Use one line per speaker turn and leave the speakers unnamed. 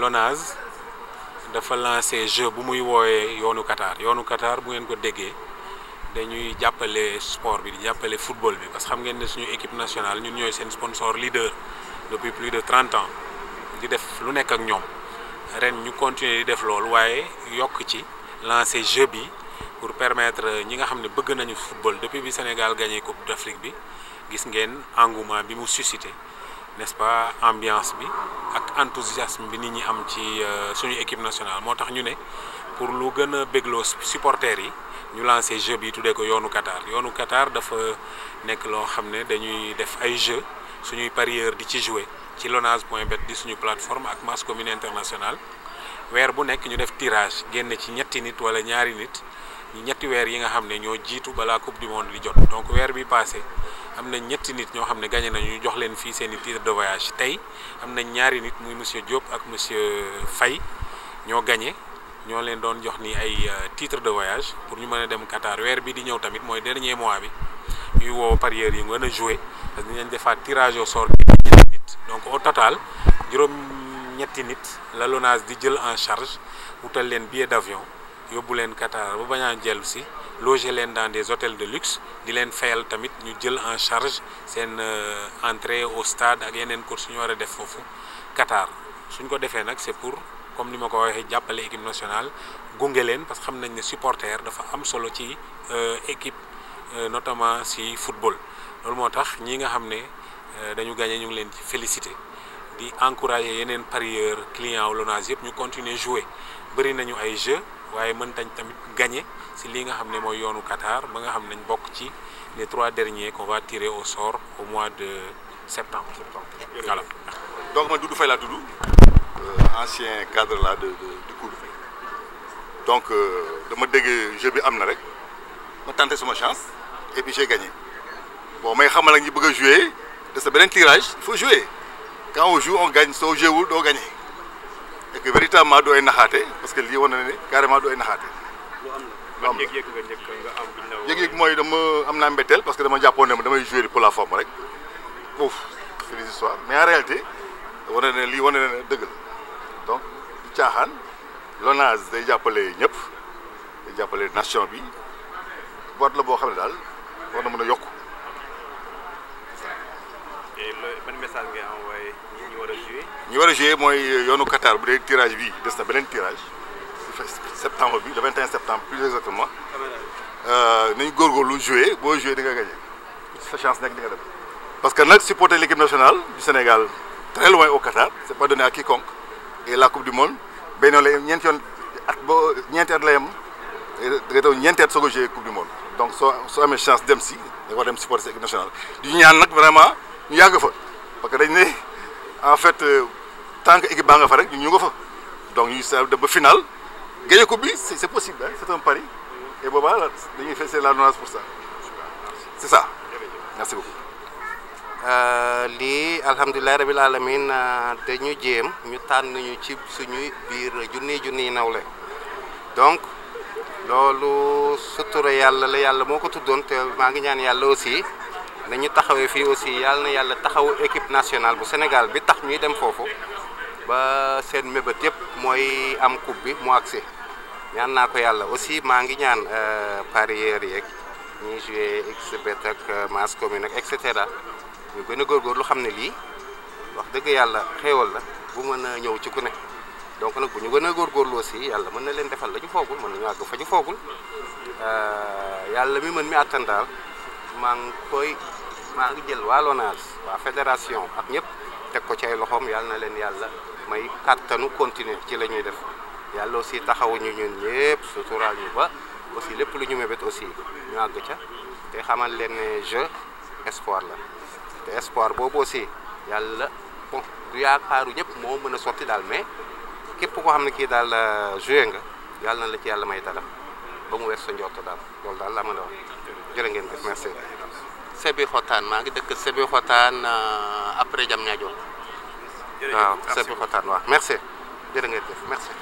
LONASE dafa lancé jeu bu muy wooyee yoonu Qatar yoonu Qatar bu ngeen ko déggee dañuy jàppale sport bi di jàppale football bi parce que xam ngeen ne suñu équipe nationale ñun ñooy seen sponsor leader depuis plus de trente ans di def lu nekk ak ñoom ren ñu continuer di def loolu waaye yokk ci lancé jeu bi pour permettre ñi nga xam ne bëgg nañu football depuis bi Sénégal gagné coupe d'Afrique bi gis ngeen engouement bi mu suscité. n'est-ce pas ambiance bi ak enthousiasme bi nit ñi am ci euh, suñu équipe nationale moo tax ñu ne pour lu gën a bégloo supporters yi ñu lancé jeu bi tudee ko yoonu Qatar yoonu Qatar dafa nekk loo xam ne dañuy def ay jeu suñuy parieur di ci jouer ci lonage point lonase.bet di suñu plateforme ak mass commune internationale weer bu nekk ñu def tirage génn ci ñetti nit wala ñaari nit ñi ñetti weer yi nga xam ne ñoo jiitu balaa coupe du monde di jot donc weer bi passé am na ñetti nit ñoo xam ne gagné nañu ñu jox leen fii seeni i titre de voyage tey am na ñaari nit muy monsieur Diop ak monsieur fay ñoo gañe ñoo leen doon jox ni ay euh, titre de voyage pour ñu mën a dem Qatar weer bi di ñëw tamit mooy dernier mois bi ñuy woo parieurs yi mën a joué parce que dinañ defaat tirage au sort nit donc au total juróom ñetti nit la LONASE di jël en charge wutal leen billet d' avion. yóbbu leen Qatar ba bañ a jël si loger leen dans des hôtels de luxe di leen fayal tamit ñu jël en charge seen euh, entrée au stade ak yeneen courses yu ñu war a def foofu Qatar suñ ko defee nag c'est pour comme ni ma ko waxee jàppale équipe nationale gunge leen parce que xam nañ ne supporter dafa am solo ci euh, équipe euh, notamment si football loolu moo tax ñi nga xam ne dañu gagné ñu ngi leen ci félicité di encourager yeneen parieurs clients Lonase yëpp ñu continuer jouer bëri nañu ay jeux. waaye mën tañ tamit gagné si lii nga xam ne mooy yoonu Qatar ba nga xam nañ bokk ci les trois derniers qu'on va tirer au sort au mois de septembre. voilà. donc man Doudou Faye laa tudd euh, ancien cadre là de de
euh, dama dégg jeu bi am na rek ma tenté sama chance et puis j'ai may xamal ak ñi bëgg a jouer de sa beneen tirage il faut jouer quand on joue on gagne soo joué wul doo gagné. et que véritablement du ay naxaate parce que lii wane na ne carrément du ay naxaate. lu am la yëg mooy dama am naa mbetteel parce que dama jàppoon ne damay jouer pour la forme rek foofu c'est des histoires mais en réalité wane na lii wane na dëgg la donc caaxaan LONASE day jàppale ñëpp day jàppale nation bi boîte la boo xam ne daal war na mën a yokk.
tey ban message ngay a
joué. ñu war mooy yoonu Qatar bu dee tirage bi des na beneen tirage septembre bi le 21 septembre plus exactement euh, nañ góorgóorlu joué boo joué di nga gagné sa chance nekk di nga dem parce que nag supporter l'équipe nationale du Sénégal très loin au Qatar c'est pas donné à quiconque et la coupe du monde benn yoon la ñeenti yoon at ba ñeenti at la yem da ngay taw ñeenti at soog a joué coupe du monde donc soo soo amee chance dem si da nga war dem supporter sa ñu yàgg fa parce que dañ ne en fait euh, tant que équipe baa nga fa rek ñu ñu nga fa donc ñu sa dem ba final gagné ko bi c'est possible hein c'est un pari et boobaa la dañuy fêter la noce pour ça c'est ça merci beaucoup. Euh, lii alhamdulilah rabil
alamin euh, dañu jéem ñu tànn ñu ci suñuy biir junniy junniy nawle donc loolu sutura yàlla la yàlla moo ko tuddoon te maa ngi ñaan yàlla aussi. nañu taxawee fii aussi yàlla na yàlla taxawu équipe nationale bu Sénégal bi tax ñuy dem foofu ba seen mébét yëpp mooy am kub bi mu agsi ñaan naa ko yàlla aussi maa ngi ñaan euh, parieurs yeeg ñuy joué xbet ak euh, masse commune ak et cetera ñu gën a góorgóorlu xam ne lii wax dëgg yàlla xéewal la bu mën a ñëw ci ku ne donc nag bu ñu gën a góorgóorlu aussi yàlla mën na leen defal la ñu foogul mën nañu àgg fa ñu foogul euh, yàlla mi mën mi àttan daal maa ngi koy maa ngi jël waa LONASE waa fédération ak ñëpp teg ko ci ay loxoom yàlla na leen yàlla may kàttanu continuer ci la ñuy def yàlla aussi taxawuñu ñun ñëpp suturaal ñu ba aussi lépp lu ñu mébét aussi ñu àgg ca te xamal leen ne jeu espoir la te espoir boobu aussi yàlla bon du yaakaaru ñëpp moo mën a sotti daal mais képp koo xam ne kii daal euh, joué nga yàlla na la ci yàlla may dara ba mu wees sa njort daal loolu daal laa mën a wax jërë def merci sebi Xotaan maa ngi dëkk Sébi Xotaan euh, après Diamniadio waaw Sébi Xotaan waaw merci jërë ngeen merci